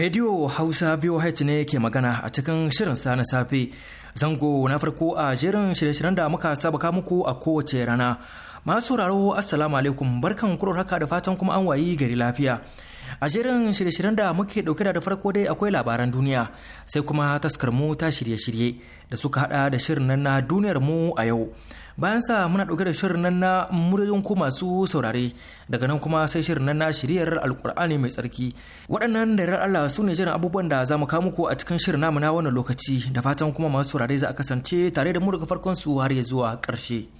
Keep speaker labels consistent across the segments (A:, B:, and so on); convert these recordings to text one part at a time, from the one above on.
A: Radio Hausa VOH ne ke magana a cikin shirin sa na safe. Zango na farko a jerin shirye-shiryen da muka sabaka muku a kowace rana. Masu raro Assalamu alaikum barkan kuro haka da fatan kuma an wayi gari lafiya. A jerin shirye-shiryen da muke dauke da farko dai akwai labaran duniya sai kuma taskar mu ta shirye-shirye da suka hada da shirin nan na duniyar mu a yau. bayan sa muna ɗauke da shirin nan na muryoyin ku masu saurare daga nan kuma sai shirin nan na shiryar alkur'ani mai tsarki waɗannan da Allah su ne jiran abubuwan da za mu kawo muku a cikin shirin namu na wannan lokaci da fatan kuma masu saurare za a kasance tare da mu daga farkon su har ya zuwa ƙarshe.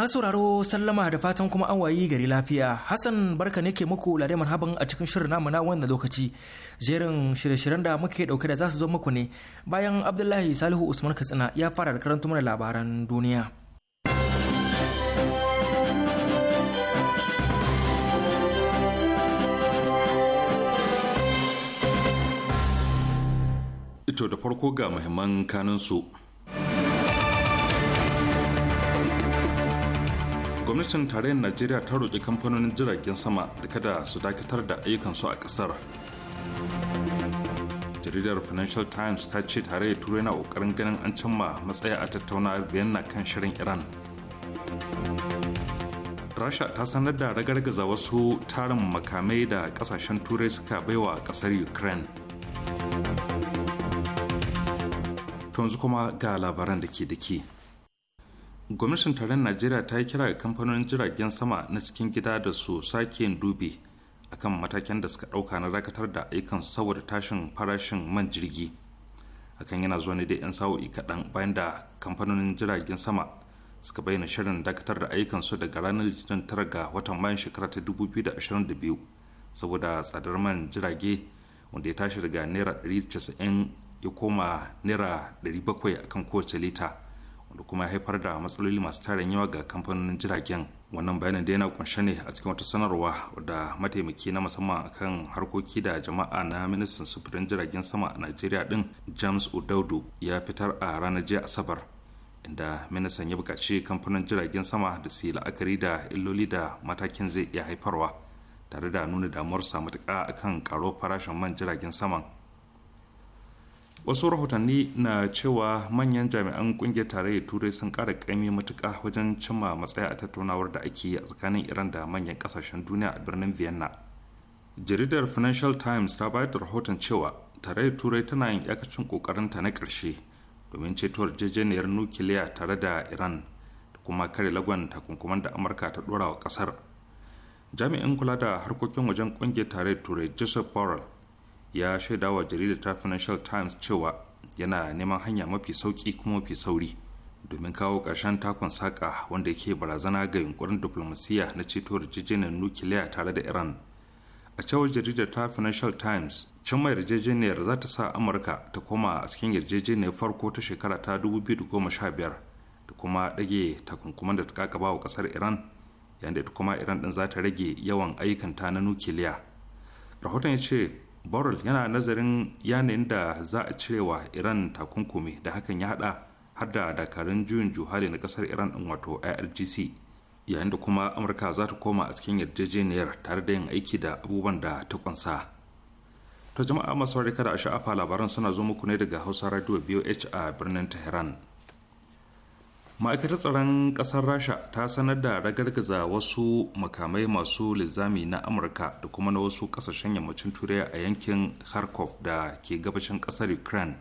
A: na sauraro sallama da fatan kuma an wayi gari lafiya. Hassan barka ne ke muku lare marhaban a cikin shirin namu na wannan lokaci. Jerin shirye-shiryen da muke dauke da za su zo muku ne bayan Abdullahi Salihu Usman Katsina ya fara da karantar mana labaran duniya.
B: Ito da farko ga muhimman kanunsu. gwamnatin tarayyar najeriya ta roƙi kamfanonin jiragen sama da kada su dakatar da ayyukansu a ƙasar jaridar financial times ta ce tare tarayyar turai na ƙoƙarin ganin an cimma matsaya a tattauna vienna kan shirin iran rasha ta sanar da ragargaza wasu tarin makamai da kasashen turai suka baiwa kasar ukraine yanzu kuma ga labaran da ke da ke gwamnatin taron najeriya ta yi kira ga kamfanonin jiragen sama na cikin gida da su sake dubi akan matakin da suka ɗauka na dakatar da ayyukan saboda tashin farashin man jirgi hakan yana zuwa ne da 'yan sa'o'i kaɗan bayan da kamfanonin jiragen sama suka bayyana shirin dakatar da ayyukan su daga ranar litinin tara ga watan mayan shekara ta 2022 saboda tsadar man jirage wanda ya tashi daga naira 190 ya koma naira 700 akan kowace lita wanda kuma ya haifar da matsaloli masu tarin yawa ga kamfanonin jiragen wannan bayanin da yana kunshe ne a cikin wata sanarwa da mataimaki na musamman akan harkoki da jama'a na ministan sufurin jiragen sama a najeriya din james udaudu ya fitar a ranar jiya asabar inda ministan ya buƙaci kamfanin jiragen sama da su yi la'akari da illoli da matakin zai iya haifarwa tare da nuna damuwarsa matuƙa akan karo farashin man jiragen saman wasu rahotanni na cewa manyan jami'an kungiyar tarayyar turai sun kara kaimi matuka wajen cimma matsaya a tattaunawar da ake yi a tsakanin iran da manyan kasashen duniya a birnin vienna jaridar financial times ta bayar da rahoton cewa tarayyar turai tana yin iyakacin kokarinta na ƙarshe domin ceto jejeniyar nukiliya tare da iran da kuma kare lagon takunkuman da amurka ta dora wa ƙasar jami'in kula da harkokin wajen kungiyar tarayyar turai joseph borrell ya shaida wa jaridar ta financial times cewa yana neman hanya mafi sauki kuma mafi sauri domin kawo ƙarshen takon saƙa wanda yake barazana ga yunkurin diflomasiyya na ceto yarjejeniyar nukiliya tare da iran a cewar jaridar ta financial times cin mai yarjejeniyar za ta sa amurka ta koma a cikin yarjejeniyar farko ta shekara ta 2015 da kuma dage takunkuman da ta kakaba wa ƙasar iran yadda da kuma iran ɗin za ta rage yawan ayyukanta na nukiliya rahoton ya ce borrell yana nazarin yanayin da za a wa iran takunkumi da hakan ya hada har da dakarun juyin juhali na kasar iran din wato irgc yayin da kuma amurka za ta koma a cikin yarjejeniyar tare da yin aiki da abubuwan da ta kunsa to jama'a masu kada a sha'afa labaran suna zo muku ne daga hausa radio boh a birnin tehran ma'aikatar tsaron ƙasar rasha ta sanar da ragargaza wasu makamai masu lizami na amurka da kuma na wasu ƙasashen yammacin turai a yankin kharkov da ke gabashin ƙasar ukraine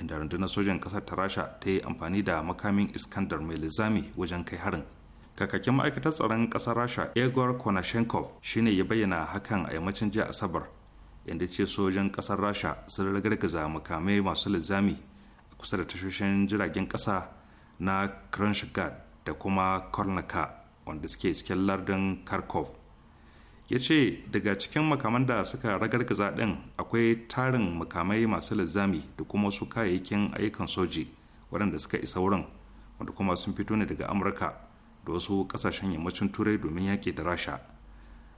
B: inda rundunar sojan ƙasar ta rasha ta yi amfani da makamin iskandar mai lizami wajen kai harin kakakin ma'aikatar tsaron ƙasar rasha egor konashenkov shine ya bayyana hakan a yammacin jiya asabar inda ce sojan kasar rasha sun ragargaza makamai masu lizami kusa da tashoshin jiragen ƙasa na kranshgad da kuma kornaka wanda suke cikin lardin kharkov ya ce daga cikin makaman da suka ragargaza din akwai tarin makamai masu linzami da kuma wasu kayayyakin ayyukan soji waɗanda suka isa wurin wanda kuma sun fito ne daga amurka da wasu ƙasashen yammacin turai domin yaƙi da rasha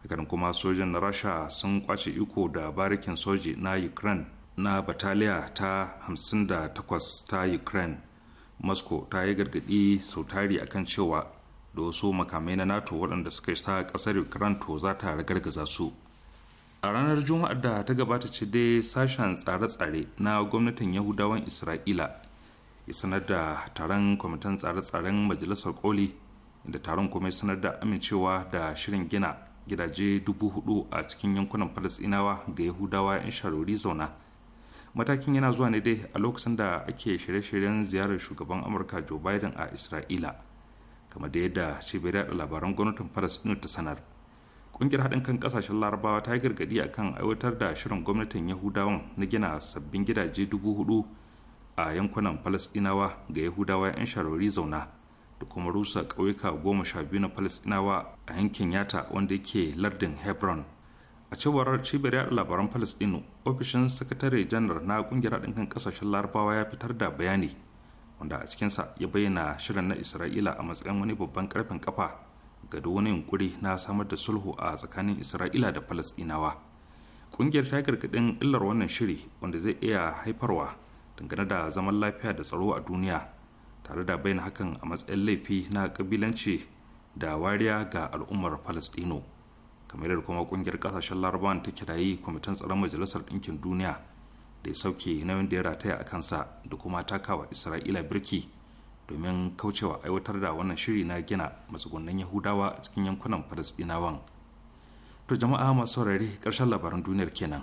B: hakanan kuma sojan na rasha sun kwace iko da barikin soji na ukraine na bataliya ta 58 ta ukraine moscow ta yi gargadi sau tari akan cewa da wasu makamai na nato waɗanda suka sa ƙasar ukraine to za ta ragargaza su a ranar juma'ar da ta gabata ce dai sashen tsare-tsare na gwamnatin yahudawan isra'ila ya sanar da taron kwamitin tsare-tsaren majalisar koli da taron kuma ya sanar da amincewa da shirin gina gidaje dubu hudu a cikin yankunan falasɗinawa ga yahudawa 'yan sharori zauna matakin yana zuwa ne dai a lokacin da ake shirye-shiryen ziyarar shugaban amurka joe biden a isra'ila kamar da yadda cibiyar daɗa labaran gwamnatin palestine ta sanar ƙungiyar haɗin kan ƙasashen larabawa ta yi gargaɗi a kan aiwatar da shirin gwamnatin yahudawan na gina sabbin gidaje dubu hudu a yankunan palestinawa ga yahudawa 'yan sharori zauna da kuma rusa ƙauyuka goma sha biyu na palestinawa a yankin yata wanda yake lardin hebron a cewar cibiyar labaran palestino ofishin sakatare janar na ƙungiyar haɗin kan ƙasashen larabawa ya fitar da bayani wanda a cikinsa ya bayyana shirin na isra'ila a matsayin wani babban ƙarfin kafa ga wani yunkuri na samar da sulhu a tsakanin isra'ila da palestinawa Ƙungiyar ta gargaɗin illar wannan shiri wanda zai iya haifarwa dangane da zaman lafiya da tsaro a duniya tare da bayyana hakan a matsayin laifi na kabilanci da wariya ga al'ummar palestino kamar yadda kuma kungiyar kasashen take ta yi kwamitin tsaron majalisar ɗinkin duniya da ya sauke nauyin da ya rataya a kansa da kuma takawa isra'ila birki domin kaucewa aiwatar da wannan shiri na gina matsugunan yahudawa a cikin yankunan falasɗinawan to jama'a masu saurare karshen labaran duniyar kenan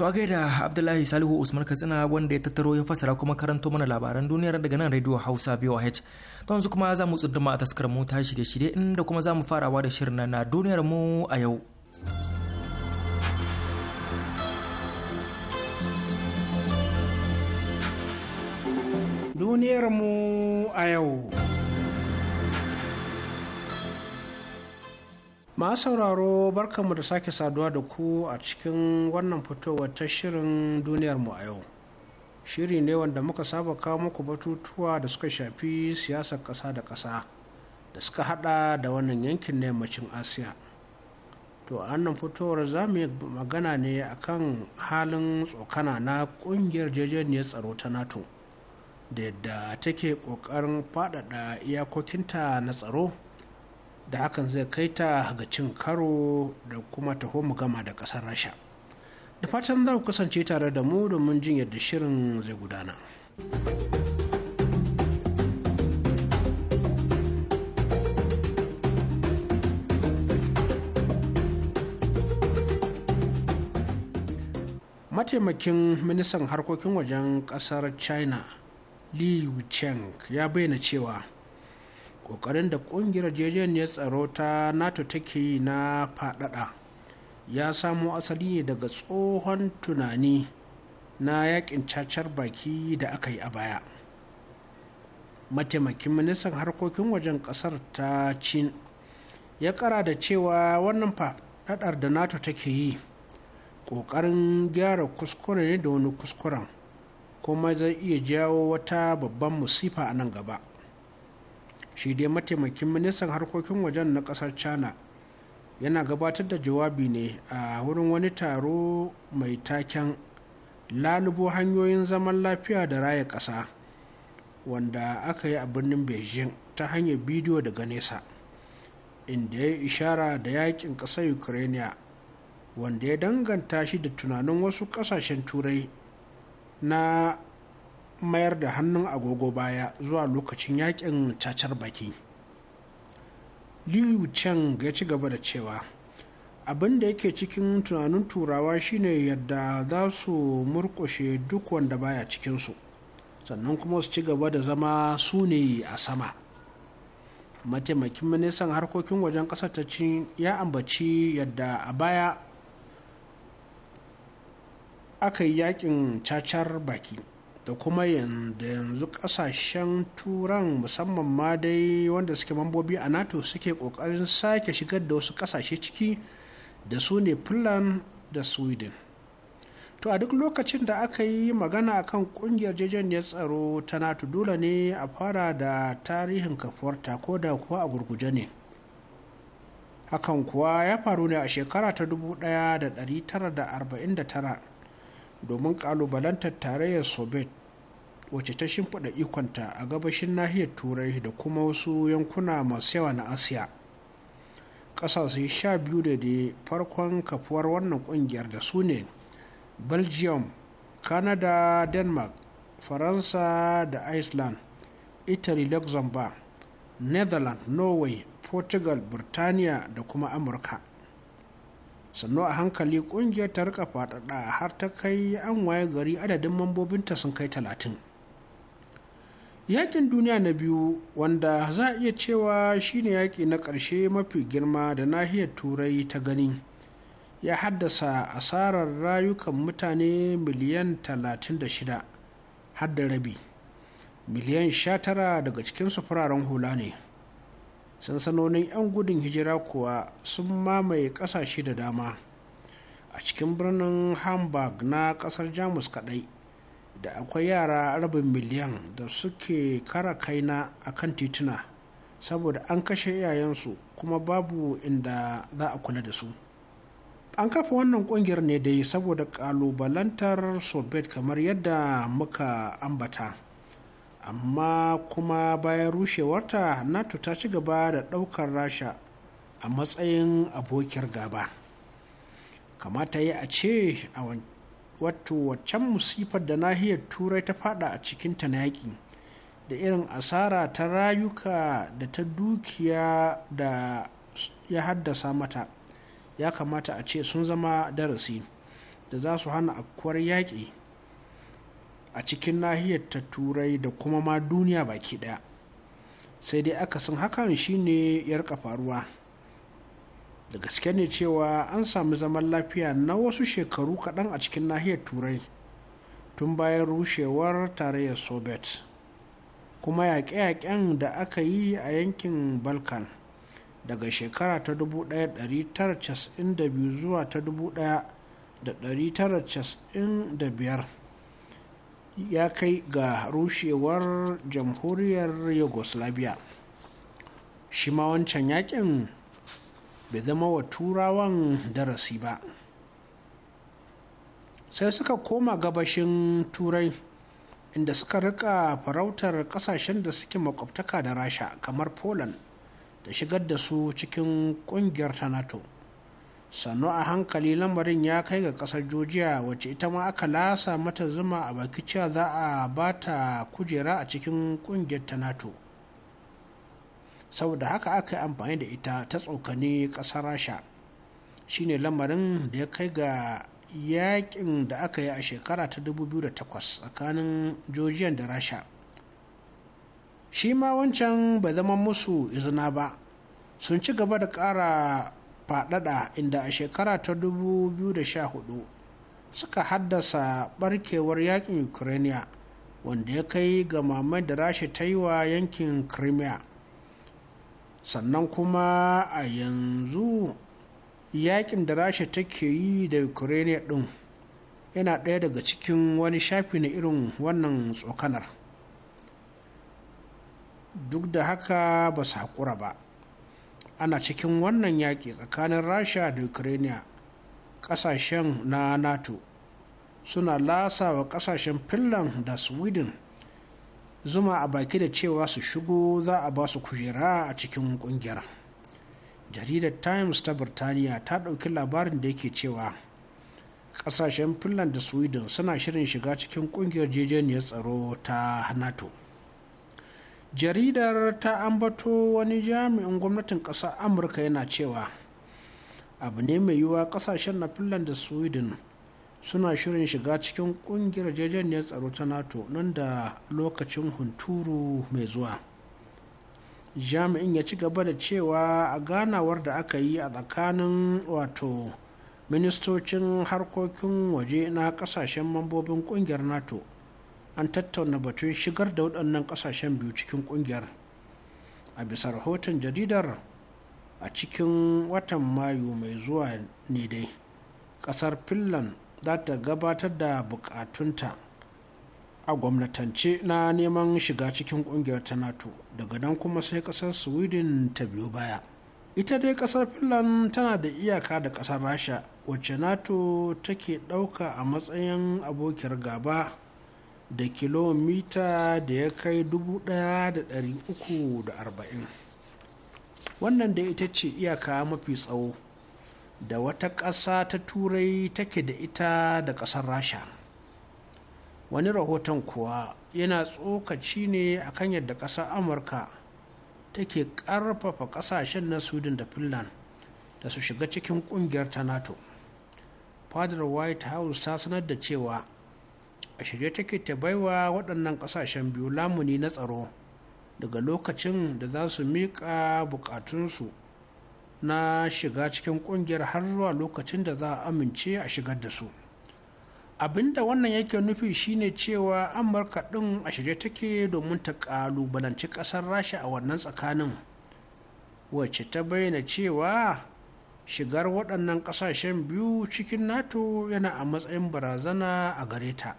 A: To a gaida Abdullahi Salihu Usman Katsina wanda ya tattaro ya fasara kuma karanto mana labaran duniyar daga nan Radio Hausa VOH. ta yanzu kuma za mu tsunduma a taskar mu ta shirye-shirye inda kuma za mu farawa da shirin na duniyar mu a yau.
C: Duniyar mu a yau. ma sauraro barkanmu da sake saduwa da ku a cikin wannan fitowar ta shirin duniyar mu a yau shiri ne wanda muka saba kawo muku batutuwa da suka shafi siyasar ƙasa da ƙasa da suka haɗa da wannan yankin na yammacin asiya to a wannan fitowar za mu yi magana ne akan halin tsokana na ƙungiyar jejeniyar tsaro ta nato da yadda take ƙoƙarin faɗaɗa iyakokinta na tsaro da hakan zai kai ta ga cin karo da kuma taho mu gama da ƙasar rasha da fatan za ku kasance tare da mu domin jin yadda shirin zai gudana mataimakin ministan harkokin wajen kasar china li wucheng ya bayyana cewa kokarin da kungiyar jejeniyar tsaro ta nato take yi na fadada ya samo asali ne daga tsohon tunani na yakin cacar baki da aka yi a baya mataimakin ministan harkokin wajen kasar ta cin ya kara da cewa wannan fadadar da nato take yi kokarin gyara kuskure ne da wani kuskuren kuma zai iya jawo wata babban musifa a nan gaba shi dai mataimakin ministan harkokin wajen na kasar china yana gabatar da jawabi ne a wurin wani taro mai taken lalubo hanyoyin zaman lafiya da raya ƙasa wanda aka yi a birnin beijing ta hanyar bidiyo daga nesa inda ya yi ishara da yakin ƙasar ukraine wanda ya danganta shi da tunanin wasu ƙasashen turai na mayar da hannun agogo baya zuwa lokacin yakin cacar baki liu cheng ya ci gaba da cewa abin da yake cikin tunanin turawa shine yadda za su murkushe duk wanda baya cikinsu sannan kuma su ci gaba da zama su ne a sama mataimakin ministan harkokin wajen kasar ta cin ya ambaci yadda a baya aka yi yakin cacar baki da kuma yanzu kasashen turan musamman ma dai wanda suke mambobi a nato suke kokarin sake shigar da wasu kasashe ciki da su ne finland da sweden to a duk lokacin da aka yi magana a akan kungiyar ya tsaro ta nato dole ne a fara da tarihin kafuwarta ko da kuwa a gurguje ne hakan kuwa ya faru ne a shekara ta 1949 domin ƙalubalantar tarayyar soviet wacce ta shimfiɗa ikonta a gabashin nahiyar turai da kuma wasu yankuna masu yawa na asiya ƙasashe sha biyu da da farkon kafuwar wannan ƙungiyar da su ne belgium canada denmark faransa da iceland italy luxembourg netherlands norway portugal birtaniya da kuma amurka sannu a hankali kungiyar ta rika faɗaɗa har ta kai an waye gari adadin mambobinta sun kai talatin yakin duniya na biyu wanda za a iya cewa shine yaƙi na ƙarshe mafi girma da nahiyar turai ta gani ya haddasa asarar rayukan mutane miliyan 36 har da rabi miliyan 19 daga cikin fararen hula ne sansanonin 'yan gudun hijira kuwa sun mamaye ƙasashe da dama a cikin birnin hamburg na ƙasar jamus kaɗai da akwai yara rabin miliyan da suke kara kaina a kan tituna saboda an kashe iyayensu kuma babu inda za a kula da su an kafa wannan kungiyar ne dai saboda kalubalantar soviet kamar yadda muka ambata. amma kuma bayan rushewarta nato ta ci gaba da ɗaukar rasha a matsayin abokiyar gaba kamata yi a ce a wato waccan musifar da nahiyar turai ta fada a cikinta na yaƙi da irin asara ta rayuka da ta dukiya da ya haddasa mata ya kamata a ce sun zama darasi da za su hana afkuwar yaƙi a cikin nahiyar ta turai da kuma ma duniya baki daya sai dai aka san hakan shine yar faruwa da gaske ne cewa an sami zaman lafiya na wasu shekaru kaɗan a cikin nahiyar turai tun bayan rushewar tarayyar soviet kuma yaƙe-yaƙen da aka yi a yankin balkan daga shekara ta 1992 zuwa ta 1995 ya kai ga rushewar jamhuriyar yugoslavia shi ma wancan yakin bai zama wa turawan darasi ba sai suka koma gabashin turai inda suka rika farautar kasashen da suke makwabtaka da rasha kamar poland da shigar da su cikin kungiyar ta nato sannu a hankali lamarin ya kai ga kasar georgia wacce ita ma aka lasa mata zuma a baki cewa za a ba ta kujera a cikin kungiyar ta nato saboda haka aka yi amfani da ita ta tsokani kasar rasha shine lamarin da ya kai ga yakin da aka yi a shekara ta 2008 tsakanin georgia da rasha shi ma wancan bai zama musu izina ba sun ci gaba da ƙara faɗaɗa inda a shekara ta 2014 suka haddasa barkewar yakin ukraine wanda ya kai ga mamai da rashi ta yi wa yankin crimea sannan kuma a yanzu yakin da rashi take yi da ukraine ɗin yana ɗaya daga cikin wani shafi na irin wannan tsokanar duk da haka ba su haƙura ba ana cikin wannan yaƙi tsakanin rasha da ukraine ƙasashen na nato suna lasa wa ƙasashen finland da sweden zuma a baki da cewa su shigo za a ba su kujera a cikin ƙungiyar jaridar times ta birtaniya ta ɗauki labarin da yake cewa ƙasashen finland da sweden suna shirin shiga cikin ƙungiyar jejeniyar tsaro ta nato jaridar ta ambato wani jami'in gwamnatin ƙasar amurka yana cewa abu ne mai yiwuwa ƙasashen na finland da sweden suna shirin shiga cikin ƙungiyar jejeniyar tsaro ta nato nan da lokacin hunturu mai zuwa jami'in ya ci gaba da cewa a ganawar da aka yi a tsakanin wato ministocin harkokin waje na ƙasashen mambobin ƙungiyar nato an tattauna batun shigar da waɗannan ƙasashen biyu cikin ƙungiyar a bisa rahoton jaridar a cikin watan mayu mai zuwa ne dai ƙasar finland za ta gabatar da buƙatunta a gwamnatance na neman shiga cikin ƙungiyar ta nato daga nan kuma sai ƙasar sweden ta biyo baya ita dai ƙasar finland tana da iyaka da ƙasar rasha wacce nato take ɗauka a matsayin abokiyar gaba da kilomita da ya kai 1,340 wannan da ita ce iyaka mafi tsawo da wata ƙasa ta turai take da ita da ƙasar rasha wani rahoton kuwa yana tsokaci ne akan yadda ƙasar amurka take ƙarfafa ƙasashen na sweden da finland da su shiga cikin ƙungiyar ta nato fadar white house ta sanar da cewa a shirye take ta baiwa waɗannan ƙasashen biyu lamuni na tsaro daga lokacin da za su miƙa buƙatunsu na shiga cikin ƙungiyar har zuwa lokacin da za a amince a shigar da su abinda wannan yake nufi shine cewa amurka ɗin a shirye take domin ta ƙalubalanci ƙasar rasha a wannan tsakanin wacce ta bayyana cewa shigar waɗannan ƙasashen biyu cikin nato yana a matsayin barazana a gare ta.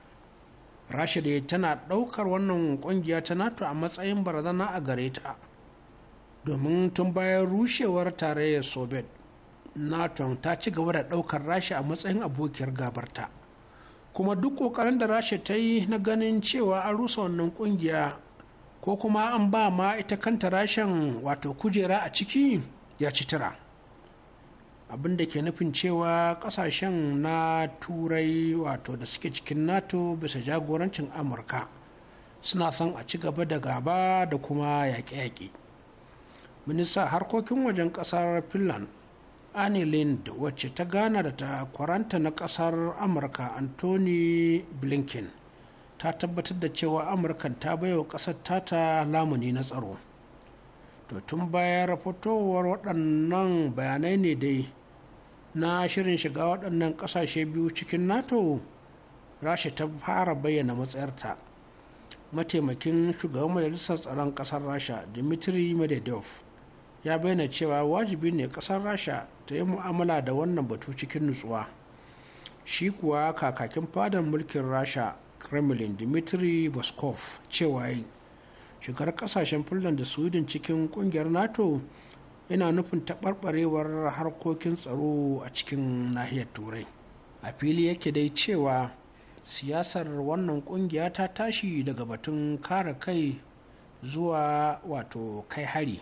C: rasha da tana ɗaukar wannan ƙungiya ta nato a matsayin barazana a gare ta domin tun bayan rushewar tarayyar soviet nato ta ci gaba da ɗaukar rasha a matsayin abokiyar gabarta kuma duk ƙoƙarin da rasha ta yi na ganin cewa an rusa wannan ƙungiya ko kuma an ba ma ita kanta rashin wato kujera a ciki ya ci tira. abin da ke nufin cewa kasashen na turai wato da suke cikin nato bisa jagorancin amurka suna son a ci gaba da gaba da kuma yaƙe-yaƙe minista harkokin wajen ƙasar finland annie lind wacce ta gana da takwaranta na ƙasar amurka anthony blinken ta tabbatar da cewa amurkan ta bai wa ƙasar tata lamuni na tsaro to tun bayan rafotowar waɗannan bayanai ne dai na shirin shiga waɗannan ƙasashe biyu cikin nato rasha ta fara bayyana matsayarta mataimakin shugaban majalisar tsaron ƙasar rasha dimitri medvedev ya bayyana cewa wajibi ne ƙasar rasha ta yi mu'amala da wannan batu cikin nutsuwa shi kuwa kakakin fadar mulkin rasha kremlin dimitri boskov cewa yi shigar ƙasashen finland da sweden cikin ƙungiyar nato yana nufin taɓarɓarewar harkokin tsaro a cikin nahiyar turai a fili yake dai cewa siyasar wannan ƙungiya ta tashi daga batun kare kai zuwa wato kai hari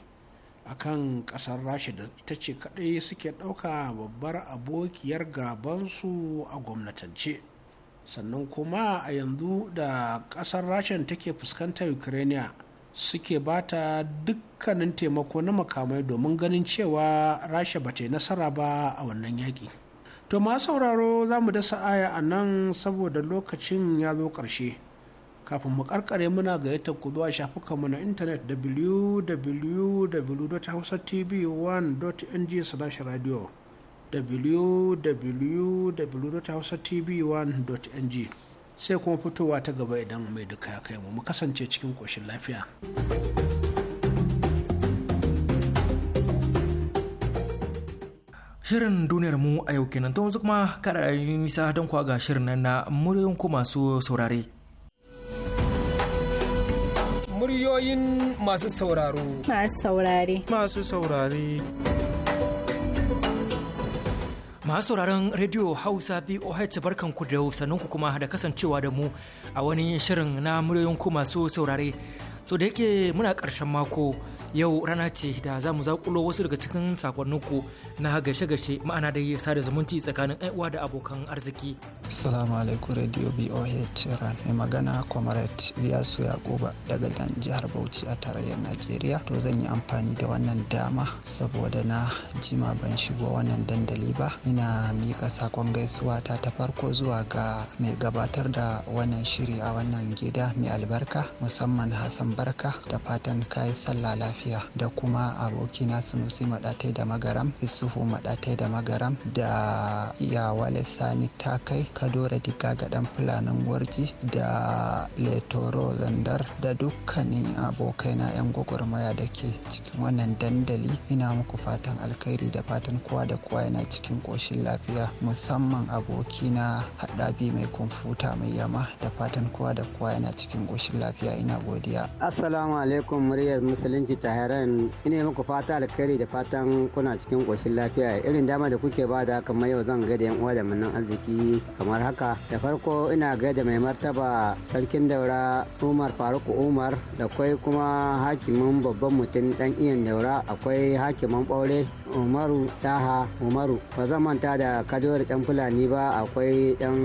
C: a kan ƙasar rasha da ita ce kaɗai suke ɗauka babbar abokiyar gabansu a gwamnatance sannan kuma a yanzu da kasar rasha take fuskantar ukraine suke ta dukkanin taimako na makamai domin ganin cewa rasha ba ta yi nasara ba a wannan yaƙi to ma sauraro za mu dasa aya a nan saboda lokacin ya zo ƙarshe kafin mu karkare muna gayyata ku zuwa shafukanmu na intanet www.hausatv1.ng/radio www.hausatv1.ng sai kuma fitowa ta gaba idan mai duka ya kai mu mu kasance cikin ƙoshin lafiya
A: shirin duniyar mu a yau kenan to yanzu kuma kada nisa don kuwa ga shirin nan na muryoyin ku masu saurare
D: muryoyin masu
A: sauraro
E: masu saurare masu saurare
A: Masu sauraron Radio Hausa VOH barkanku da ku kuma da kasancewa da mu a wani shirin na muryoyin ku masu saurare. To da yake muna ƙarshen mako yau rana ce da za mu zakulo wasu daga cikin sakonninku na gashe-gashe ma'ana da da zumunci tsakanin uwa da abokan arziki.
F: salamu alaikum Radio BOH Ran mai magana Comrade Riyasu Yakuba daga dan jihar Bauchi a tarayyar Najeriya. To zan yi amfani da wannan dama saboda na jima ban shigo wannan dandali ba. Ina mika sakon gaisuwa ta ta farko zuwa ga mai gabatar da wannan shiri a wannan gida mai albarka musamman Hassan Barka da fatan kayi sallah lafiya. lafiya da kuma abokina sunusi maɗatai da magaram isuhu maɗatai da magaram da yawale sani takai kadora diga ga dan fulanin warji da letoro zandar da dukkanin abokaina 'yan gwagwarmaya da ke cikin wannan dandali ina muku fatan alkhairi da fatan kowa da kowa yana cikin ƙoshin lafiya musamman abokina haɗabi mai kumfuta mai yama da fatan kowa da kowa yana cikin ƙoshin lafiya ina godiya assalamu alaikum muryar musulunci ta taharan ina muku fata alkhairi da fatan kuna cikin ƙoshin lafiya irin dama da kuke ba da kamar yau zan gaida yan uwa da munnan arziki kamar haka da farko ina gaida mai martaba sarkin daura umar faruk umar da kwai kuma hakimin babban mutum dan iyan daura akwai hakimin ɓaure umaru taha umaru ba zan manta da kadori dan fulani ba akwai dan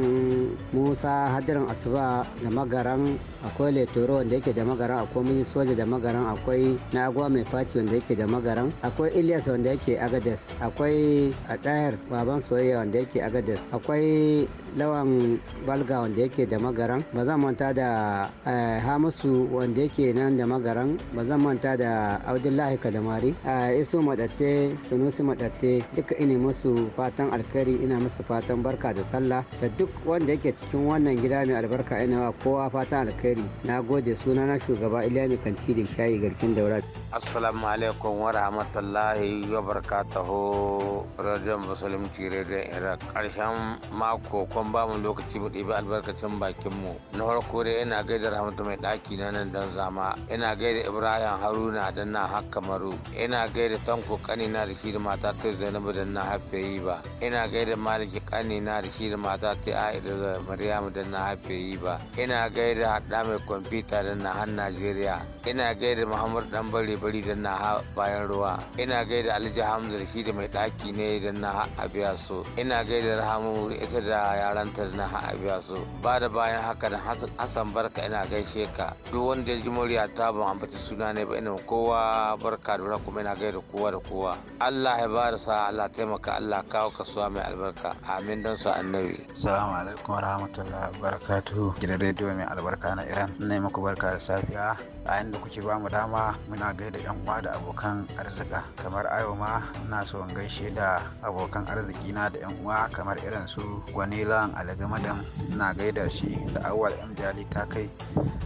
F: musa hadirin asuba da magaran akwai leturo wanda yake da magaran akwai mun soja da magaran akwai na agwa mai faci wanda yake da magaran akwai ilyas wanda yake agades akwai adayar baban soyayya wanda yake agades akwai lawan balga wanda yake da magaran ba zan manta da eh, hamisu wanda yake nan da magaran ba zan manta da abdullahi kadamari eh, iso madatte sunusi madatte duka ina musu fatan alkhairi ina musu fatan barka da sallah da duk wanda yake cikin wannan gida mai albarka ina kowa fatan alkhairi na gode suna na shugaba iliya kan kanti da shayi garkin daura
G: assalamu alaikum wa rahmatullahi wa barakatuhu radiyon musulunci radiyon iraq karshen mako kun ba mu lokaci mu ɗibi albarkacin bakin mu na farko dai ina gaida rahmatu mai ɗaki na nan dan zama ina gaida ibrahim haruna da na haka maru ina gaida tanko kani na da shi da mata ta zainabu da na haife yi ba ina gaida maliki kani na da shi da mata ta aida da maryamu na haife yi ba ina gaida haɗa mai kwamfuta da na han najeriya ina gaida muhammadu dan bari bari da na ha bayan ruwa ina gaida alhaji hamza shi da mai ɗaki ne don na a biya so ina gaida rahamu ita da yaranta da na a biya so ba da bayan haka da hassan barka ina gaishe ka duk wanda ya ji murya ta ban ambaci suna ne ba ina kowa barka da kuma ina gaida kowa da kowa Allah ya bada sa Allah taimaka Allah kawo kasuwa mai albarka amin don su annabi
C: salamu alaikum rahmatullah, wabarakatuh gidan rediyo mai albarka na Iran ina muku barka da safiya a inda kuke ba mu dama muna gaida yan uwa da abokan arzika kamar ayo ma ina so in gaishe da abokan arziki na da yan uwa kamar irin su gwanilan alagamadan ina gaida shi da awal m jali ta kai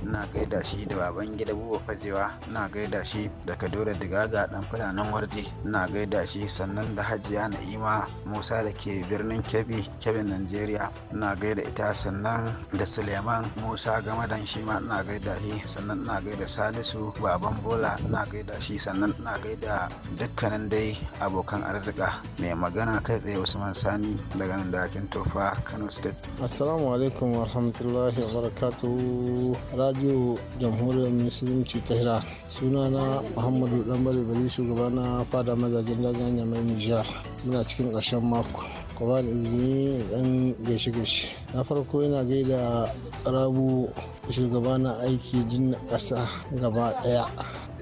C: ina gaida shi da baban gida buba fajewa ina gaida shi da kadora digaga dan fulanan warji ina gaida shi sannan da hajiya na'ima musa da ke birnin kebbi kebbi nigeria ina gaida ita sannan da suleiman musa gamadan shi ma ina gaida shi sannan ina gaida salisu baban bola ina gaida shi sannan ina gaida dukkanin dai abokan arzika mai magana kai tsaye usman sani daga nan dakin tofa kano state
H: assalamu alaikum wa rahmatullahi wa barakatuhu radio jamhuriyar musulunci ta hira sunana muhammadu dambari bari shugaba na fada mazajen dajin yamai nijar muna cikin ƙarshen mako ku ba da izini dan gaishe gaishe na farko yana gaida rabu shugaba na aiki din ƙasa gaba ɗaya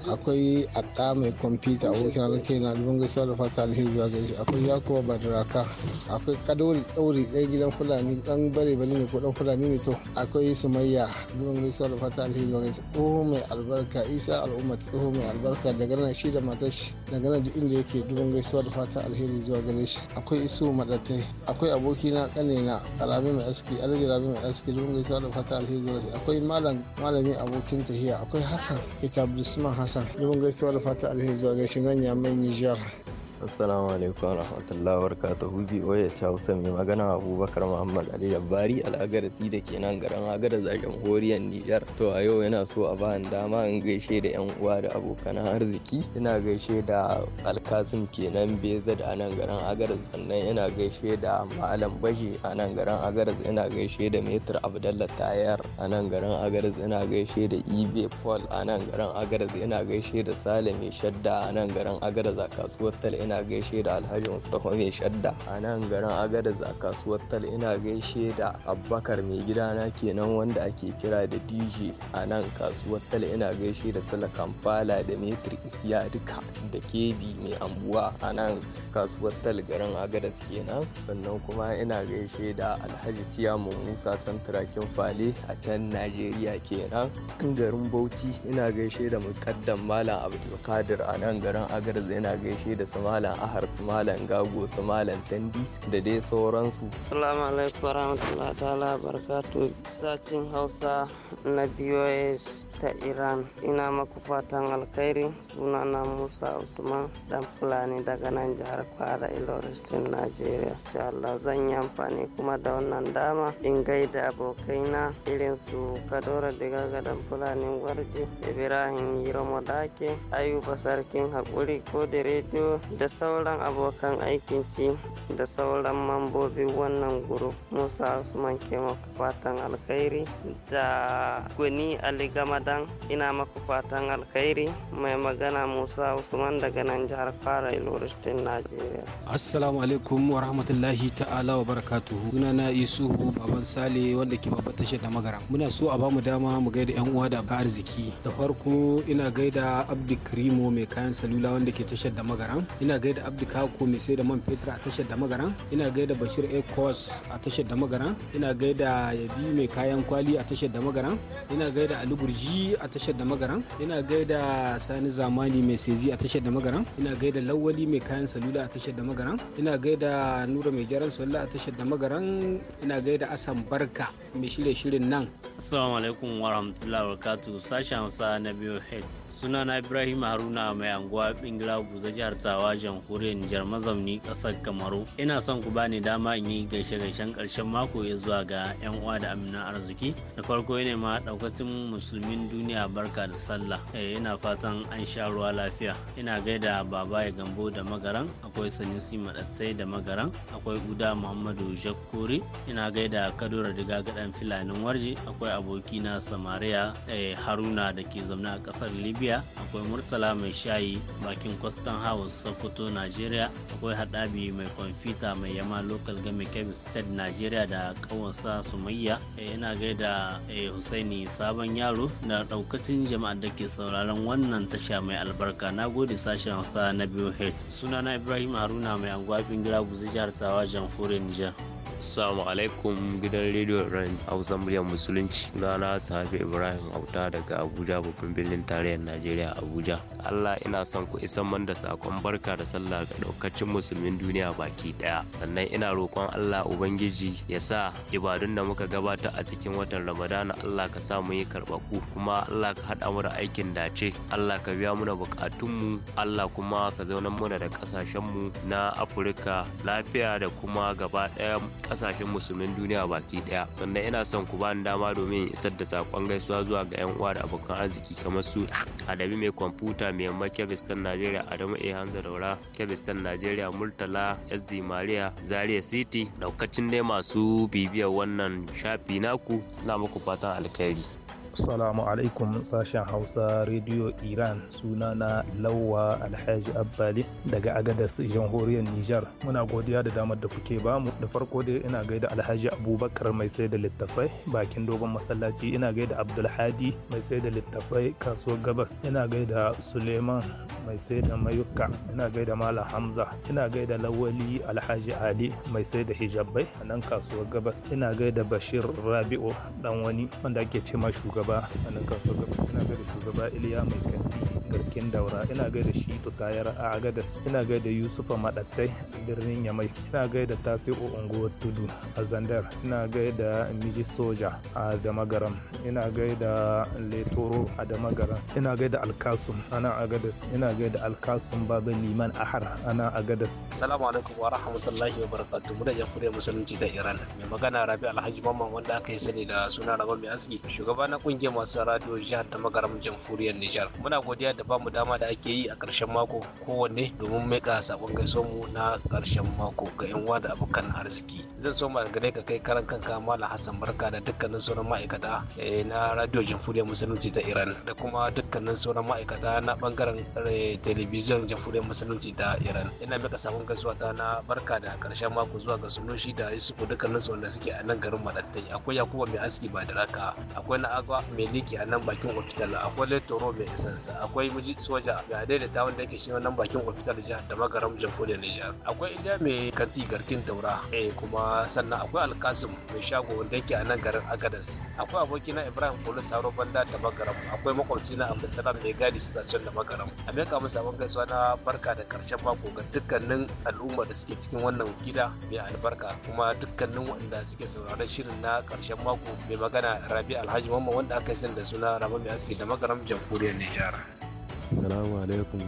H: akwai atta mai kwamfuta abokin alkai na dubin gaisuwa da fata alheri zuwa gaishi akwai yakuwa badaraka akwai kadori dauri ɗaya gidan fulani dan bare bale ne ko dan fulani ne to akwai sumayya dubin gaisuwa da fata alheri zuwa gaishi tsoho mai albarka isa al'umma tsoho mai albarka daga nan shi da matar shi daga nan duk inda yake dubin gaisuwa da fata alheri zuwa gare shi akwai isu madatai akwai aboki na kane na karami mai aski alhaji rabi mai aski dubin gaisuwa da fata alheri zuwa gare shi akwai malami abokin tahiya akwai hassan ita abdulsman hassan hassan dubin gaisuwa da fata alheri zuwa gaishe nan ya mai nijar
I: Assalamu alaikum rahmatullahi wabarakatuh hubi oye Hausa mai magana Abubakar Muhammad Ali Dabbari al'agarasi da ke nan garin Agada a horiyar Nijar. To a yau yana so a ba dama in gaishe da yan uwa da abokan arziki. Ina gaishe da Alkasim kenan Beza da nan garin Agarar. sannan ina gaishe da Malam Baji a nan garin Agarar. ina gaishe da Metir Abdallah Tayar a nan garin Agarar. ina gaishe da Ibe Paul a nan garin Agarar. ina gaishe da Sale Mai Shadda a nan garin Agarar. a kasuwar talin ina gaishe da alhaji mustapha mai shadda a nan garin agadez a kasuwar tal ina gaishe da abubakar mai gidana kenan wanda ake kira da dj a nan kasuwar tal ina gaishe da talakan fala da metri ya duka da kebi mai ambuwa a nan kasuwar tal garin agadez kenan sannan kuma ina gaishe da alhaji tiya musa santarakin fale a can najeriya kenan garin bauchi ina gaishe da mukaddam malam abdulkadir a nan garin agadez ina gaishe da sama malam ahar malam gago su malam tandi da dai sauransu
J: salamu alaikum warahmatullahi ta'ala
I: barkatu
J: sacin hausa na bos ta iran ina maku fatan alkhairi suna na musa usman dan fulani daga nan jihar kwara iloristin nigeria sha allah zan yi amfani kuma da wannan dama in gaida abokaina irin su kadora daga gadan fulani warje ibrahim yiro dake ayuba sarkin haƙuri ko da rediyo da da sauran abokan aikinki da sauran mambobin wannan guru musa usman ke fatan alkhairi da gwani ali gamadan ina maku fatan alkhairi mai magana musa usman daga nan jihar fara iloristin najeriya
D: assalamu alaikum wa rahmatullahi ta'ala wa barakatuhu suna na isuhu baban sale wanda ke babban tashar da magara muna so a bamu dama mu gaida yan uwa da arziki da farko ina gaida abdi krimo mai kayan salula wanda ke tashar da magaran ina ina gaida abdi kako mai sai da man fetur a tashar da magaran ina gaida bashir a a tashar da magaran ina gaida yabi mai kayan kwali a tashar da magaran ina gaida ali gurji a tashar da magaran ina gaida sani zamani mai sezi a tashar da magaran ina gaida lawali mai kayan salula a tashar da magaran ina gaida nura mai gyaran salula a tashar da magaran ina gaida asan barka mai shirye shirin nan.
J: Assalamu alaikum wa rahmatullahi wa barakatu sashen Hausa na biyu head. Suna na Ibrahim Haruna mai anguwa Bingila Buza jihar Tawa jamhuriyar Nijar mazauni kasar Kamaru. Ina son ku bani dama in yi gaishe-gaishen karshen mako ya zuwa ga 'yan uwa da amina arziki. na farko ne ma daukacin musulmin duniya barka da sallah. Eh, ina fatan an sha ruwa lafiya. Ina gaida baba ya gambo da magaran akwai sanisi madatsai da magaran akwai guda muhammadu jakkori ina gaida kadura daga gadan yan filanin warje akwai abokina samariya eh, haruna da ke zaune a kasar libya akwai murtala mai shayi bakin kwastan house sokoto nigeria akwai haɗabi mai kwamfuta mai yama local game kebbi state nigeria da ƙawansa sumayya yana eh, gaida eh, husaini sabon yaro da ɗaukacin jama'ar da ke sauraron wannan tasha mai albarka na gode sashen hausa na biyu sunana ibrahim haruna mai anguwa gira guzi jihar tawa jamhuriyar nijar Assalamu alaikum gidan rediyon Ran Hausa muryar Musulunci. rana safi Ibrahim Auta daga Abuja babban birnin tarayyar Najeriya Abuja. Allah ina son ku isan man da sakon barka da sallah ga daukacin musulmin duniya baki daya. Sannan ina roƙon Allah Ubangiji ya sa ibadun da muka gabata a cikin watan Ramadan. Allah ka sa mu yi karɓaku kuma Allah ka haɗa mu da aikin dace. Allah ka biya muna buƙatunmu Allah kuma ka zaunar muna da ƙasashenmu na Afirka lafiya da kuma gaba ɗaya kasashen musulmin duniya baki daya sannan ina son ku bani dama domin isar da sakon gaisuwa zuwa ga yan uwa da abokan arziki kamar su adabi mai kwamfuta mai yamma kebistan najeriya adamu a hanzar daura kebistan najeriya murtala sd maria zaria city daukacin dai masu bibiyar wannan shafi naku na muku fatan alkhairi
K: Assalamu alaikum sashen Hausa Radio Iran suna na Lawa Alhaji Abbali daga Agadas jamhuriyar Nijar. Muna godiya da damar da kuke bamu da farko dai ina gaida Alhaji Abubakar mai sai da littafai bakin dogon masallaci ina gaida Abdulhadi mai sai da littafai kaso gabas ina gaida Suleiman mai sai da mayuka ina gaida mala Hamza ina gaida Lawali Alhaji Ali mai sai da hijabai a nan kasuwar gabas ina gaida Bashir Rabi'u dan wani wanda ake ce ma shugaba maraba a nan ina gaida shugaba iliya mai kanti garkin daura ina gaida shi tayar a agadas ina gaida yusufa madattai birnin yamai ina gaida tasi'u unguwar tudu a zandar ina gaida miji soja a damagaram ina gaida letoro a damagaram ina gaida alkasum ana agadas ina gaida alkasum baba liman ahar ana agadas
D: assalamu alaikum wa rahmatullahi wa barakatuh mu da jamhuriyar musulunci ta iran mai magana rabi alhaji mamman wanda aka yi sani da suna rabon mai aski shugaba na kungiyar masu radio jihar ta magaram jamhuriyar Nijar. Muna godiya da bamu dama da ake yi a ƙarshen mako kowanne domin maika sabon gaisuwar mu na ƙarshen mako ga yan uwa da abokan arziki. Zan so ma gare ka kai karan kanka mala Hassan Barka da dukkanin sauran ma'aikata eh, na radio jamhuriyar musulunci ta Iran da kuma dukkanin sauran ma'aikata na bangaren eh, telebijin jamhuriyar musulunci ta Iran. Ina maika sabon gaisuwa ta na barka da ƙarshen mako zuwa ga sunushi da su dukkanin su wanda suke a nan garin Madattai. Akwai yakubo mai aski ba da raka. Akwai na agwa ba mai liki a nan bakin ofital akwai letoro mai isansa akwai miji soja mai adaidaita wanda yake shi nan bakin ofital jihar da magaram jamhuriyar nijar akwai inda mai kanti garkin daura eh kuma sannan akwai alkasim mai shago wanda yake a nan garin agadas akwai abokina ibrahim kolo saro banda da magaram akwai a abdulsalam mai gadi station da magaram a mai kama sabon gaisuwa na barka da karshen mako ga dukkanin al'umma da suke cikin wannan gida mai albarka kuma dukkanin waɗanda suke sauraron shirin na karshen mako mai magana rabi alhaji mamman wanda aka yi da suna rabon mai aski da magaram jamhuriyar Nijar.
L: Salamu alaikum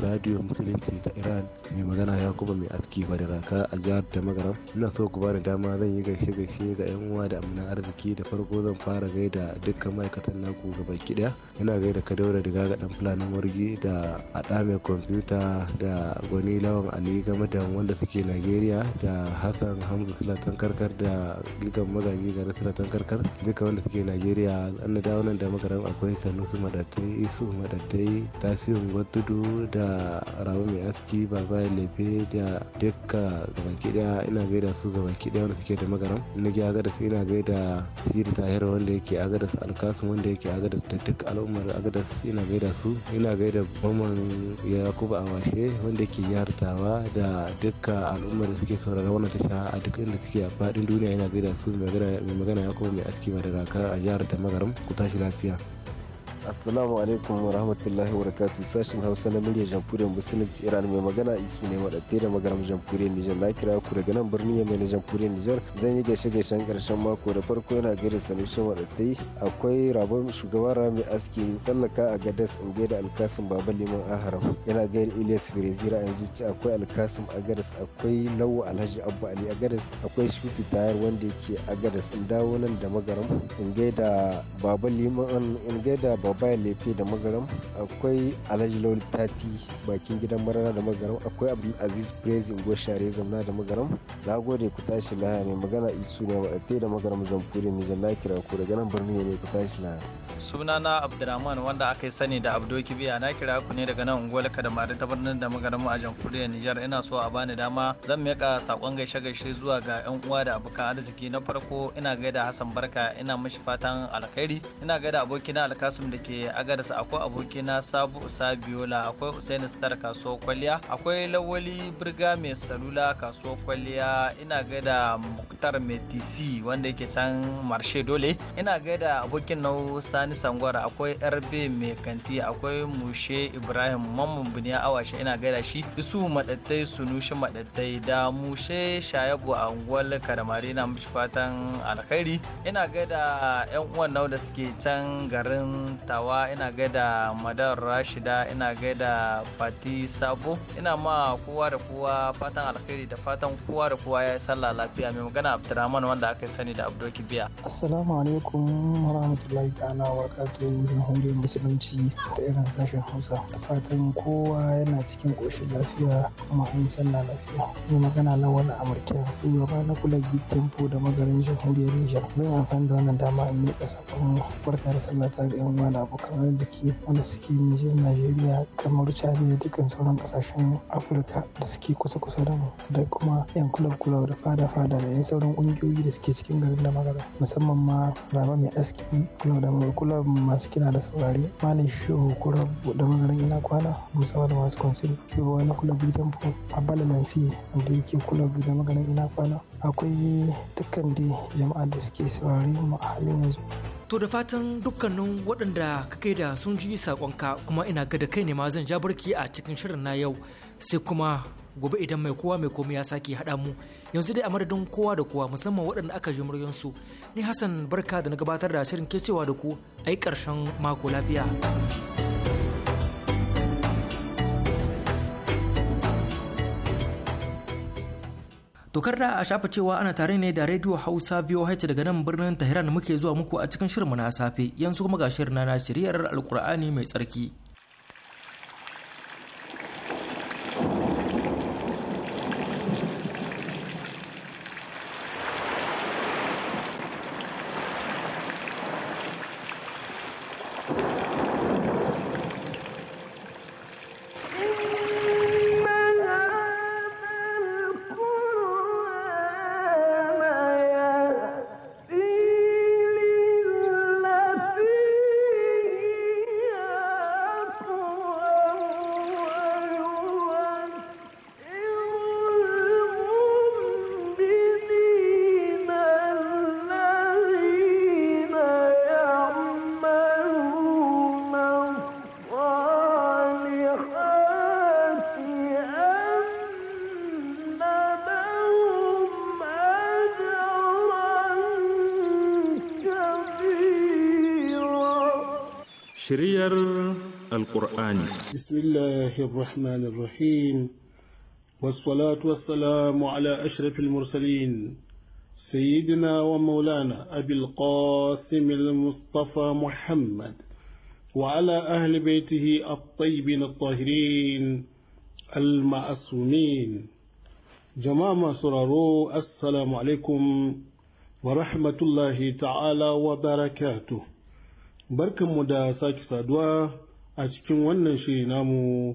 L: Radio Musulunci ta Iran mai magana ya kuma mai aski bari raka a jihar ta magaram. Ina so ku bani dama zan yi gaishe gaishe ga yan uwa da amina arziki da farko zan fara gaida dukkan ma'aikatan naku gaba daya Ina gaida Kadauda da gaga dan fulanin murgi da adame mai da gwani lawan Ali da wanda suke nigeria da Hassan Hamza Sulatan Karkar da Gigan Magaji Gare Sulatan Karkar duka wanda suke Najeriya. An da da magaram akwai Sanusi Madatai, Isu Madatai, tasirin tudu da rabu mai aski baba lefe da dukka gabaki daya ina da su gabaki daya wanda suke da magaram ina ga agadas ina da siri tahir wanda yake agadas alkasum wanda yake agadas da duk al'ummar agadas ina da su ina da maman yakubu awashe wanda yake yartawa da dukka al'ummar da suke saurara wannan tasha a duk inda suke a faɗin duniya ina da su mai magana yakubu mai aski ba da raka a jihar da magaram ku tashi lafiya.
D: assalamu alaikum wa rahmatullahi wa sashen hausa na murya jamhuriyar musulunci iran mai magana isu ne wadatte da magaram jamhuriyar nijar na kira ku daga nan birnin mai na jamhuriyar nijar zan yi gaishe gaishen karshen mako da farko yana
C: gaida salishin wadatte akwai rabon shugaban rami aski tsallaka a gadas in gaida alkasim baba liman aharam yana gaida ilyas a yanzu ci akwai alkasim a gadas akwai lawa alhaji abu ali a gadas akwai shuti tayar wanda yake a gadas in dawo nan da magaram in gaida baba liman in gaida bayan lefe da magaram akwai
D: alhaji lawal tati bakin gidan marana da magaram akwai abdul aziz prezi share zamna da magaram na gode ku tashi lahaya mai magana isu ne ma'ate da magaram zamfuri ne jan
I: kira ku daga nan birni ne ku tashi lahaya
M: sunana abdulrahman wanda aka yi sani da abdo kibiya na kira ku ne daga nan da kadamari ta birnin da magaram a jamhuriyar nijar ina so a bani dama zan miƙa saƙon gaishe gaishe zuwa ga yan uwa da abokan arziki na farko ina gaida hassan barka ina mashi fatan alkhairi ina gaida abokina alkasum da ke agadas akwai abokina sabu sabiola akwai usaini star kasuwar kwalliya akwai lawali birga mai salula kasuwar kwalliya ina gaida muktar metisi wanda yake can marshe dole ina gaida abokin nau sani sangwara akwai rb mai kanti akwai mushe ibrahim mamman buniya awashe ina gaida shi isu madattai sunushi madattai da mushe shayabu a unguwar karamari na mishi fatan alkhairi ina gaida yan uwan nau da suke can garin ta tawa ina gaida madar rashida ina gaida fati sabo ina ma kowa da kowa fatan alkhairi da fatan kowa da kowa ya yi sallah lafiya mai magana abdurrahman wanda aka sani da abdul kibiya assalamu alaikum warahmatullahi ta'ala wa barakatuhu musulunci da irin sashen hausa da fatan kowa yana cikin koshin lafiya kuma an yi sallah lafiya mai magana lawan amurka shugaba na kula tempo da magarin jamhuriyar nijar zan amfani da wannan dama in miƙa Barka da sallah ta ga yan da abokan arziki wanda suke Nijar,
C: Najeriya, kamar Chad da dukkan sauran kasashen Afirka da suke kusa-kusa da mu da kuma 'yan kulab-kulab da fada-fada da 'yan sauran ƙungiyoyi da suke cikin garin da magana musamman ma rama mai aski kulab da kulab masu kina da saurari malin shehu kurab da magaran ina kwana musamman da masu kwansil shugaba na kulab gidan a balansi da yake kulab da magaran ina kwana akwai dukkan da jama'a da suke saurari mu a halin yanzu
A: To da fatan dukkanin waɗanda kai da sun ji saƙonka kuma ina ga da kai ne ma zan ja barki a cikin shirin na yau sai kuma gobe idan mai kowa mai komai ya sake haɗa mu yanzu dai a madadin kowa da kowa musamman waɗanda aka ji muryansu ni Hassan barka da na gabatar da shirin ke cewa da ku ai ƙarshen mako lafiya. To da a shafa cewa ana tare ne da Radio Hausa VOH daga nan birnin Tehran muke zuwa muku a cikin shirinmu na safe yanzu kuma ga shirin na shiryar Alkur'ani mai tsarki.
N: الرحمن الرحيم والصلاة والسلام على أشرف المرسلين سيدنا ومولانا أبي القاسم المصطفى محمد وعلى أهل بيته الطيبين الطاهرين المعصومين جماعة سرارو السلام عليكم wa rahmatullahi ta'ala wa barakatuh barkanmu da sake saduwa a cikin wannan shiri namu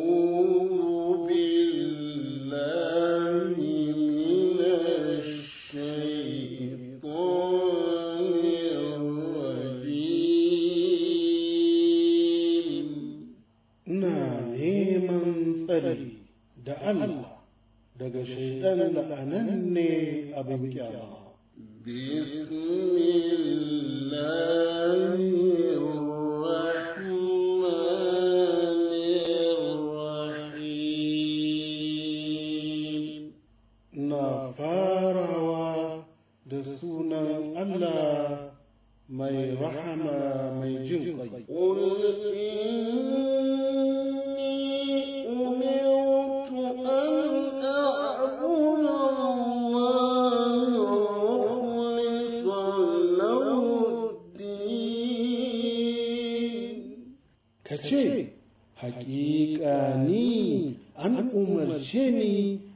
N: Allah daga shaidan la'anan ne abin
L: kyama
E: Na farawa
N: da sunan Allah mai rahama mai
E: jin ƙai.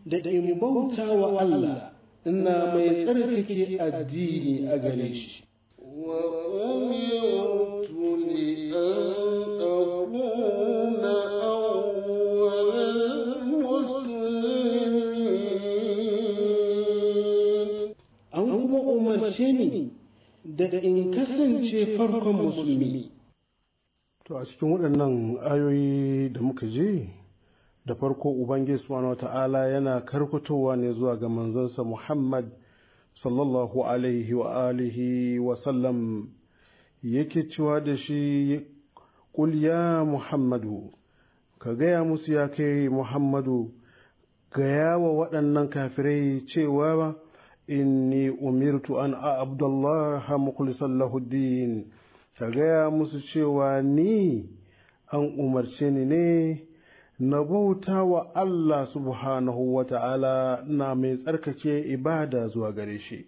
N: da in bauta wa Allah ina mai tsarkake addini a gare shi. An kuma umarce ni da in kasance farkon musulmi. To a cikin waɗannan ayoyi da muka je da farko ubangiji subhanahu ta'ala yana karkatowa ne zuwa ga manzansa muhammad sallallahu alaihi wa alihi wa sallam yake cewa da shi Kulya ya muhammadu ka gaya musu ya kai muhammadu gaya wa waɗannan kafirai cewa ba inni umirtu an a abdullaha sallahu lahuddin ka gaya musu cewa ni an umarce ni ne na bauta wa Allah subhanahu wa ta'ala na mai tsarkake ibada zuwa gare shi.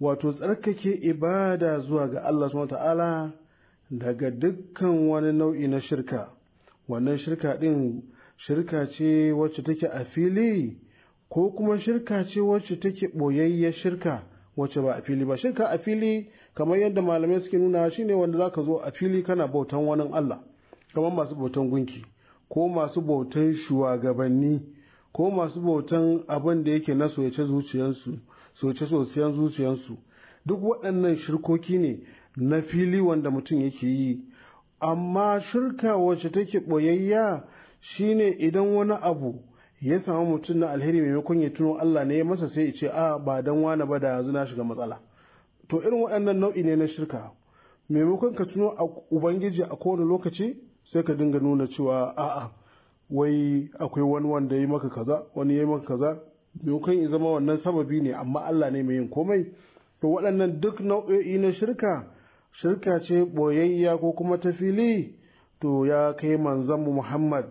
N: Wato tsarkake ibada zuwa ga Allah subhanahu wa ta'ala daga dukkan wani nau'i na shirka. Wannan shirka ɗin shirka ce wacce take a fili ko kuma shirka ce wacce take ɓoyayyar shirka wacce ba a fili ba. Shirka a fili kamar yadda malamai suke nuna shine wanda za zo a fili kana bautan wani Allah, kamar masu bautan gunki. ko masu bautan shugabanni ko masu bautan abin da yake na soyace zuciyarsu soyace sosiyan zuciyarsu duk waɗannan shirkoki ne na fili wanda mutum yake yi amma shirka wacce take ɓoyayya shine idan wani abu ya samu mutum na alheri maimakon ya tuno Allah ne ya masa sai ce a ah, ba dan wani ba da yanzu shiga matsala to irin waɗannan nau'i ne na shirka maimakon ka tuno a ubangiji a kowane lokaci sai ka dinga nuna cewa a'a wai akwai wani wanda ya maka kaza wani ya yi maka kaza maimakon ya zama wannan sababi ne amma Allah ne mai yin komai to waɗannan duk nau'o'i na shirka shirka ce boyayya ko kuma ta fili to ya kai manzanmu Muhammad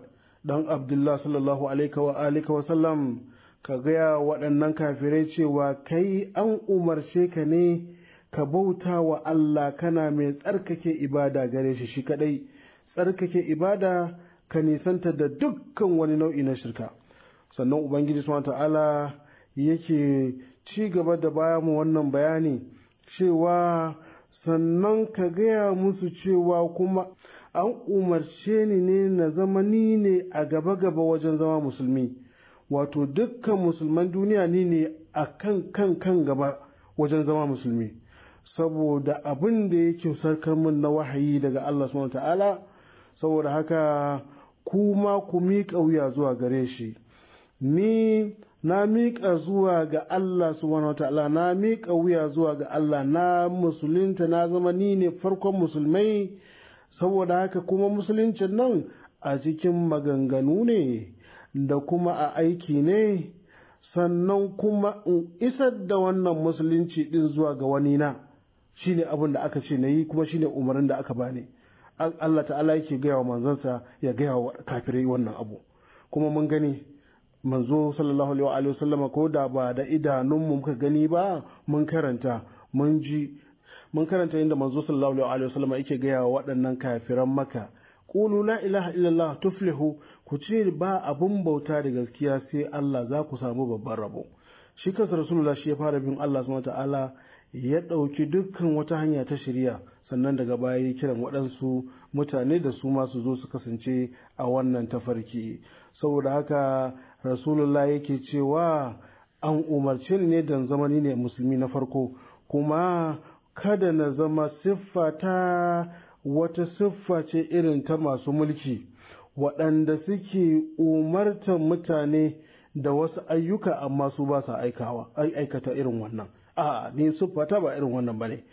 N: dan Abdullah sallallahu alaihi wa alihi wa sallam ka gaya waɗannan kafirai cewa kai an umarce ka ne ka bauta wa Allah kana mai tsarkake ibada gare shi shi kadai tsarkake ibada ka nisanta da dukkan wani nau'i na shirka sannan ubangiji subhanahu ta'ala yake ci gaba da baya mu wannan bayani cewa sannan ka gaya musu cewa kuma an umarce ni ne na zama ni ne a gaba-gaba wajen zama musulmi wato dukkan musulman duniya ni ne a kan kan kan gaba wajen zama musulmi saboda abin da yake sarkar min na wahayi daga Allah subhanahu ta'ala saboda haka kuma ku miƙa wuya zuwa gare shi ni na miƙa zuwa ga Allah subhanahu wataala na miƙa wuya zuwa ga Allah na musulunta na zama ni ne farkon musulmai saboda haka kuma musuluncin nan a cikin maganganu ne da kuma a aiki ne sannan kuma in isar da wannan musulunci din zuwa ga wani na shine abin da aka ce na yi kuma shine umarnin da aka bani Allah ta'ala yake gaya wa manzansa ya gaya wa kafirai wannan abu kuma mun gani manzo sallallahu alaihi wa sallama ko da ba da idanunmu muka gani ba mun karanta mun ji mun karanta inda manzo sallallahu alaihi wa sallama yake gaya wa waɗannan kafiran maka qulu la ilaha illallah tuflihu ku ce ba abun bauta da gaskiya sai Allah za ku samu babban rabo shi kansa rasulullahi shi ya fara bin Allah subhanahu wa ta'ala ya ɗauki dukkan wata hanya ta shirya sannan daga baya ya kiran waɗansu mutane da su masu zo su kasance a wannan tafarki saboda haka rasulullah yake cewa an umarci ne dan zamani ne musulmi na farko kuma kada na zama siffata wata siffa ce irin ta masu mulki waɗanda suke umartan mutane da wasu ayyuka amma su ba sa aikata irin wannan a ni ta ba irin wannan ba ne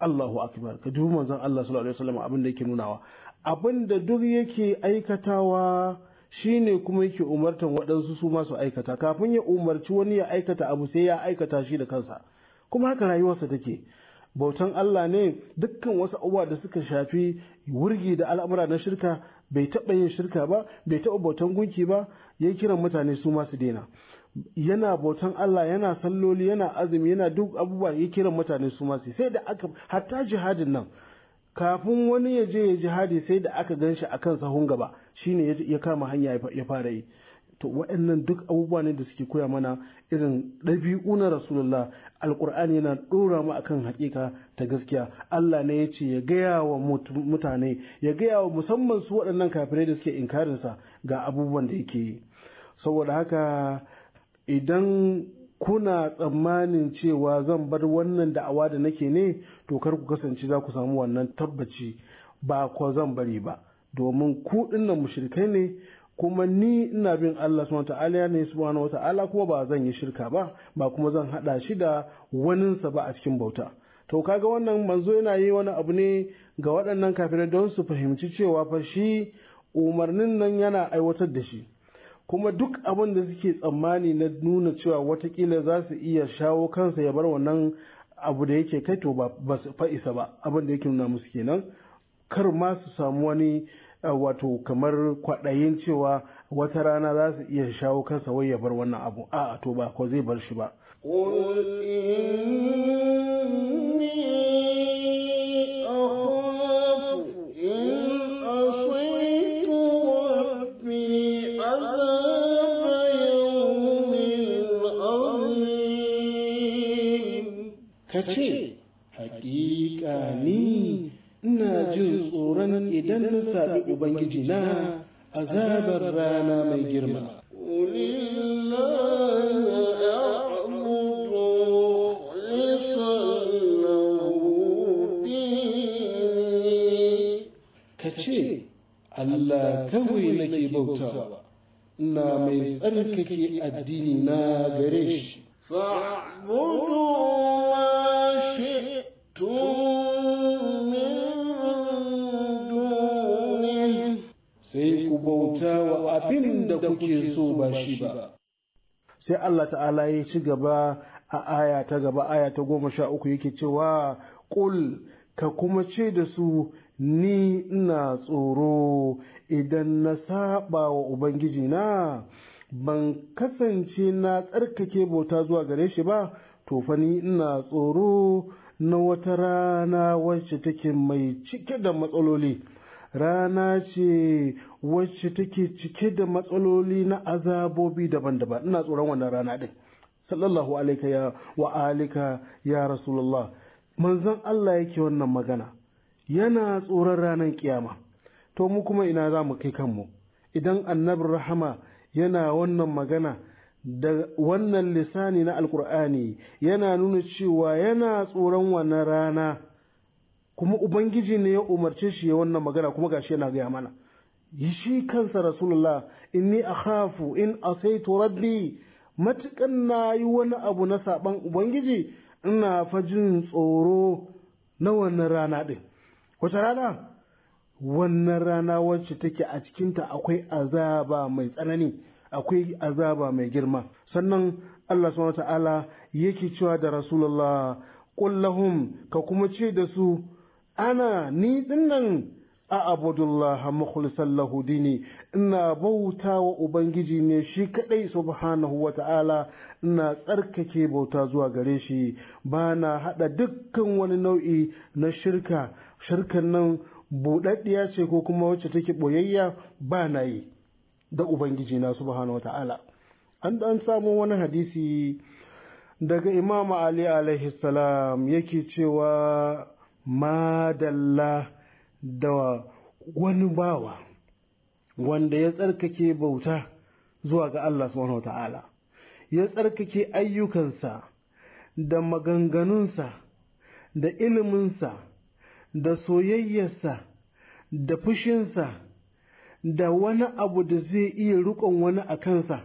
N: Allahu akbar ka dubi manzon Allah sallallahu alaihi wasallam abin da yake nunawa abin da duk yake aikatawa shine kuma yake umartan waɗansu su masu aikata kafin ya umarci wani ya aikata abu sai ya aikata shi da kansa kuma haka rayuwarsa take bautan Allah ne dukkan wasu abubuwa da suka shafi wurgi da al'amura na shirka bai taɓa yin shirka ba bai taɓa bautan gunki ba ya kiran mutane su masu daina yana bautan Allah yana salloli yana azumi yana duk abubuwa ya kira mutane su masu sai da aka hatta jihadin nan kafin wani ya je ya jihadi sai da aka gan ganshi kan sahun gaba shine ya kama hanya ya fara yi to waɗannan duk abubuwa ne da suke koya mana irin ɗabi'u na rasulullah alkur'ani yana ɗora mu akan hakika ta gaskiya allah ne ya ce ya gaya wa mutane ya gaya wa musamman su waɗannan kafirai da suke inkarinsa ga abubuwan da yake yi saboda haka idan kuna tsammanin cewa zan bar wannan da'awa da nake ne to kar ku kasance za ku samu wannan tabbaci ba ko zan bari ba domin ku dinnan mushrikai ne kuma ni ina bin Allah subhanahu ta'ala ne subhanahu wata'ala kuma ba zan yi shirka ba ba kuma zan hada shi da waninsa ba a cikin bauta to kaga wannan manzo yana yi wani abu ne ga waɗannan kafirai don su fahimci cewa fa shi umarnin nan yana aiwatar da shi kuma duk abin da suke tsammani na nuna cewa watakila za su iya shawo kansa ya bar wannan abu da yake kai to ba su fa'isa ba abin da yake nuna musu kenan kar ma su samu wani eh, wato kamar kwaɗayin cewa wata rana za su iya shawo kansa wai ya bar wannan abu a'a to ba ko zai bar shi ba idan na saɓi ubangiji na azabar rana mai girma ka ce Allah kawai nake bautawa ina mai tsarkake addini na gare shi
E: fa'budu ma shi'tum
N: bauta wa abin da kuke so ba shi ba. Sai Allah ta'ala ya ci gaba a aya ta gaba aya ta goma sha uku yake cewa ƙul ka kuma ce da su ni ina tsoro idan na saba wa Ubangiji na ban kasance na tsarkake bauta zuwa gare shi ba to fa ni ina tsoro na wata rana wacce take mai cike da matsaloli rana ce wacce take cike da matsaloli na azabobi daban-daban ina tsoron wannan rana din sallallahu alaika ya wa alika ya rasulullah manzon Allah yake wannan magana yana tsoron ranar kiyama to mu kuma ina za mu kai kanmu idan annabi rahama yana wannan magana da wannan lisani na alkur'ani yana nuna cewa yana tsoron wannan rana kuma ubangiji ne ya umarce shi ya wannan magana kuma gashi yana gaya mana shi kansa rasulullah inni akhafu in asaitu rabbi matukan na yi wani abu na saban ubangiji ina fajin tsoro na wannan rana ɗin wata rana wannan rana wacce take a cikinta akwai azaba mai tsanani akwai azaba mai girma sannan allah subhanahu ta'ala yake cewa da rasulullah kullahum ka kuma ce da su ana ni dinnan A'a, mukhlishan lahu dini ina bauta wa ubangiji ne shi kadai subhanahu wa ta'ala ina tsarkake bauta zuwa gare shi ba na hada dukkan wani nau'i na shirka shirkan nan buɗaɗɗiya ce ko kuma wacce take boyayya ba na yi da ubangiji na subhanahu wa ta'ala an dan samu wani hadisi daga imam ali alaihi salam yake cewa madalla da wani bawa wanda ya tsarkake bauta zuwa ga Allah subhanahu ta'ala ya tsarkake ayyukansa da maganganunsa da iliminsa da soyayyarsa da fushinsa da wani abu da zai iya rikon wani a kansa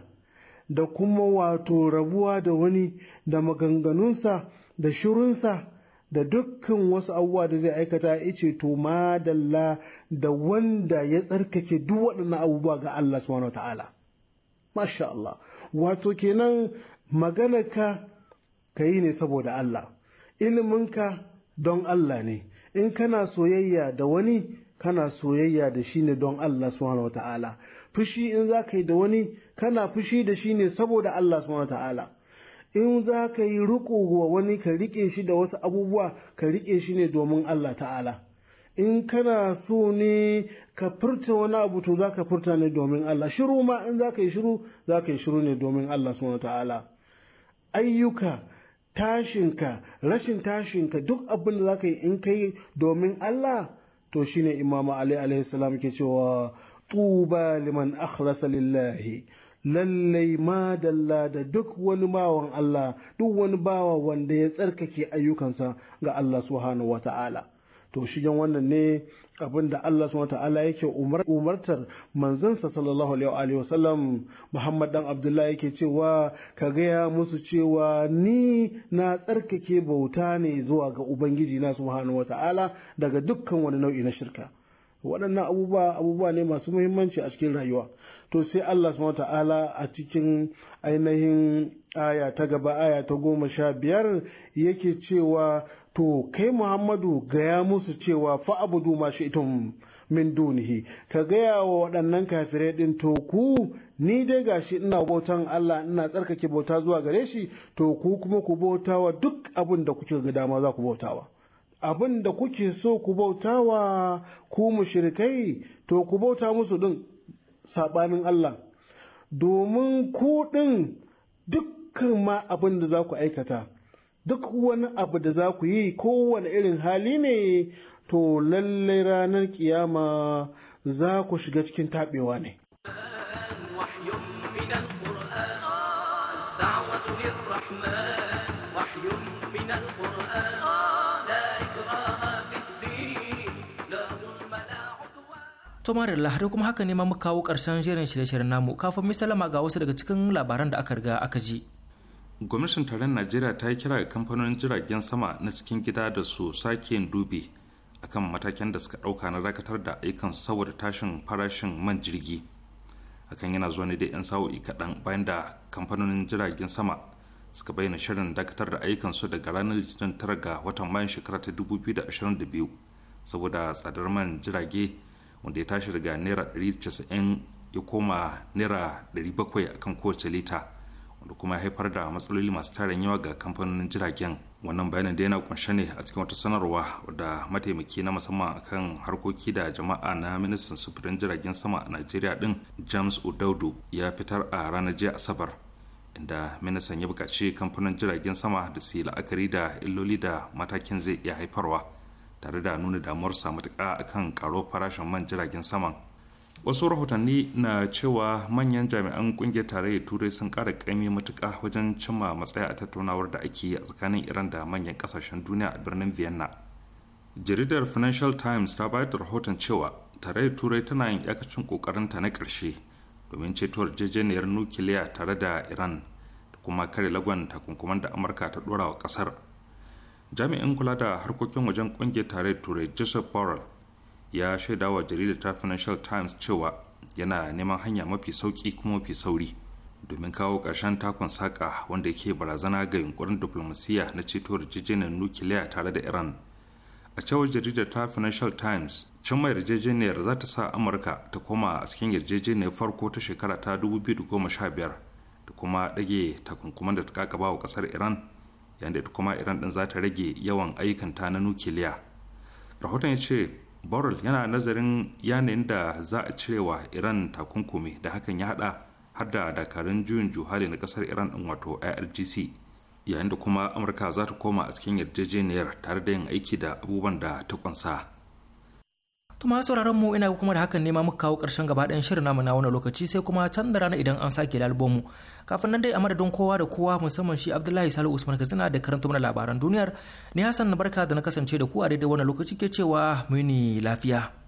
N: da kuma wato rabuwa da wani da maganganunsa da shirunsa da dukkan wasu abubuwa da zai aikata ya ce to madalla da wanda ya tsarkake duk waɗannan abubuwa ga Allah subhanahu ta'ala masha Allah wato kenan magana ka yi ne saboda Allah iliminka don Allah ne in kana soyayya da wani kana soyayya da shi ne don Allah subhanahu ta'ala fushi in za ka yi da wani kana fushi da shi ne saboda Allah subhanahu ta'ala in za ka yi riko wa wani ka riƙe shi da wasu abubuwa ka riƙe shi ne domin Allah ta'ala in kana so ne ka furta wani abu to za ka furta ne domin Allah shiru ma in za ka yi shiru za ka yi shiru ne domin Allah subhanahu ta'ala ayyuka tashinka rashin tashinka duk abin da za ka yi in ka yi domin Allah to shine imamu ali alaihi salam ke cewa tuba liman akhlasa lillahi lallai madalla da duk wani bawan Allah duk wani bawa wanda ya tsarkake ayyukansa ga Allah subhanahu wa to shigen wannan ne abin da Allah subhanahu wa ta'ala yake umartar manzansa sallallahu alaihi wa Muhammad dan abdullah yake cewa ka gaya musu cewa ni na tsarkake bauta ne zuwa ga ubangiji na subhanahu wa daga dukkan wani nau'i na shirka waɗannan abubuwa abubuwa ne masu muhimmanci a cikin rayuwa to sai Allah subhanahu ta'ala a cikin ainihin aya ta gaba aya ta goma sha biyar yake cewa to kai Muhammadu gaya musu cewa fa'abudu ma shi'tum min dunihi ka gaya wa waɗannan kafirai ɗin to ku ni dai gashi ina bautan Allah ina tsarkake bauta zuwa gare shi to ku kuma ku bautawa duk abin da kuke ga dama za ku bautawa abin da kuke so ku bautawa ku mushrikai to ku bauta musu din Sabanin Allah domin kuɗin dukkan ma abin da za ku aikata duk wani abu da za ku yi kowane irin hali ne to lallai ranar kiyama za ku shiga cikin taɓewa ne
A: tomar da lahadi kuma haka ne ma muka kawo karshen jerin shirye-shiryen namu kafin misalama ga wasu daga cikin labaran da aka riga aka ji gwamnatin taron najeriya ta yi kira ga kamfanonin jiragen
B: sama na cikin gida da su sake dubi akan matakin da suka dauka na dakatar da ayyukan saboda tashin farashin man jirgi akan yana zuwa ne da 'yan sa'o'i kaɗan bayan da kamfanonin jiragen sama suka bayyana shirin dakatar da ayyukan su daga ranar litinin tara ga watan mayan shekara ta 2022 saboda tsadar man jirage wanda ya tashi daga naira 190 ya koma naira 700 akan kowace lita wanda kuma ya haifar da matsaloli masu tarin yawa ga kamfanonin jiragen wannan bayanin da yana kunshe ne a cikin wata sanarwa da mataimaki na musamman akan harkoki da jama'a na ministan sufurin jiragen sama a najeriya din james o'daudu ya fitar a ranar jiya asabar inda ministan ya buƙaci kamfanin jiragen sama da su yi la'akari da illoli da matakin zai iya haifarwa tare da nuna damuwarsa matuƙa akan karo farashin man jiragen saman wasu rahotanni na cewa manyan jami'an kungiyar tarayyar turai sun ƙara ƙaimi matuƙa wajen cimma matsaya a tattaunawar da ake yi a tsakanin iran da manyan ƙasashen duniya a birnin vienna jaridar financial times ta bayar da rahoton cewa tarayyar turai tana yin yakacin ƙoƙarinta na ƙarshe domin ceto yarjejeniyar nukiliya tare da iran da kuma kare lagon takunkuman da amurka ta ɗora wa ƙasar jami'in kula da harkokin wajen kungiyar tare turai joseph borrell ya shaida wa jaridar ta financial times cewa yana neman hanya mafi sauki kuma mafi sauri domin kawo ƙarshen takon saƙa wanda ke barazana ga yunkurin diplomasiya na ceto yarjejeniyar nukiliya tare da iran a cewar jaridar ta financial times cin mai yarjejeniyar za ta sa amurka ta koma a cikin yarjejeniyar farko ta shekara ta 2015 da kuma dage takunkuman da ta kakaba wa ƙasar iran yadda ita kuma iran din za ta rage yawan ayyukanta na nukiliya rahoton ya ce borrell yana nazarin yanayin da za a cirewa iran takunkumi da hakan ya hada har da dakarun juyin juhali na kasar iran din wato irgc yayin da kuma amurka za ta koma a cikin yarjejeniyar tare da yin aiki da abubuwan da ta kunsa
A: To masu sauraron mu ina kuma da hakan nema muka kawo ƙarshen gaba ɗayan shirin namu na wani lokaci sai kuma can da rana idan an sake lalbomu. Kafin nan dai a madadin kowa da kowa musamman shi Abdullahi salu Usman Katsina da karanta mana labaran duniyar. Ni Hassan Barka da na kasance da ku a daidai wani lokaci ke cewa muni lafiya.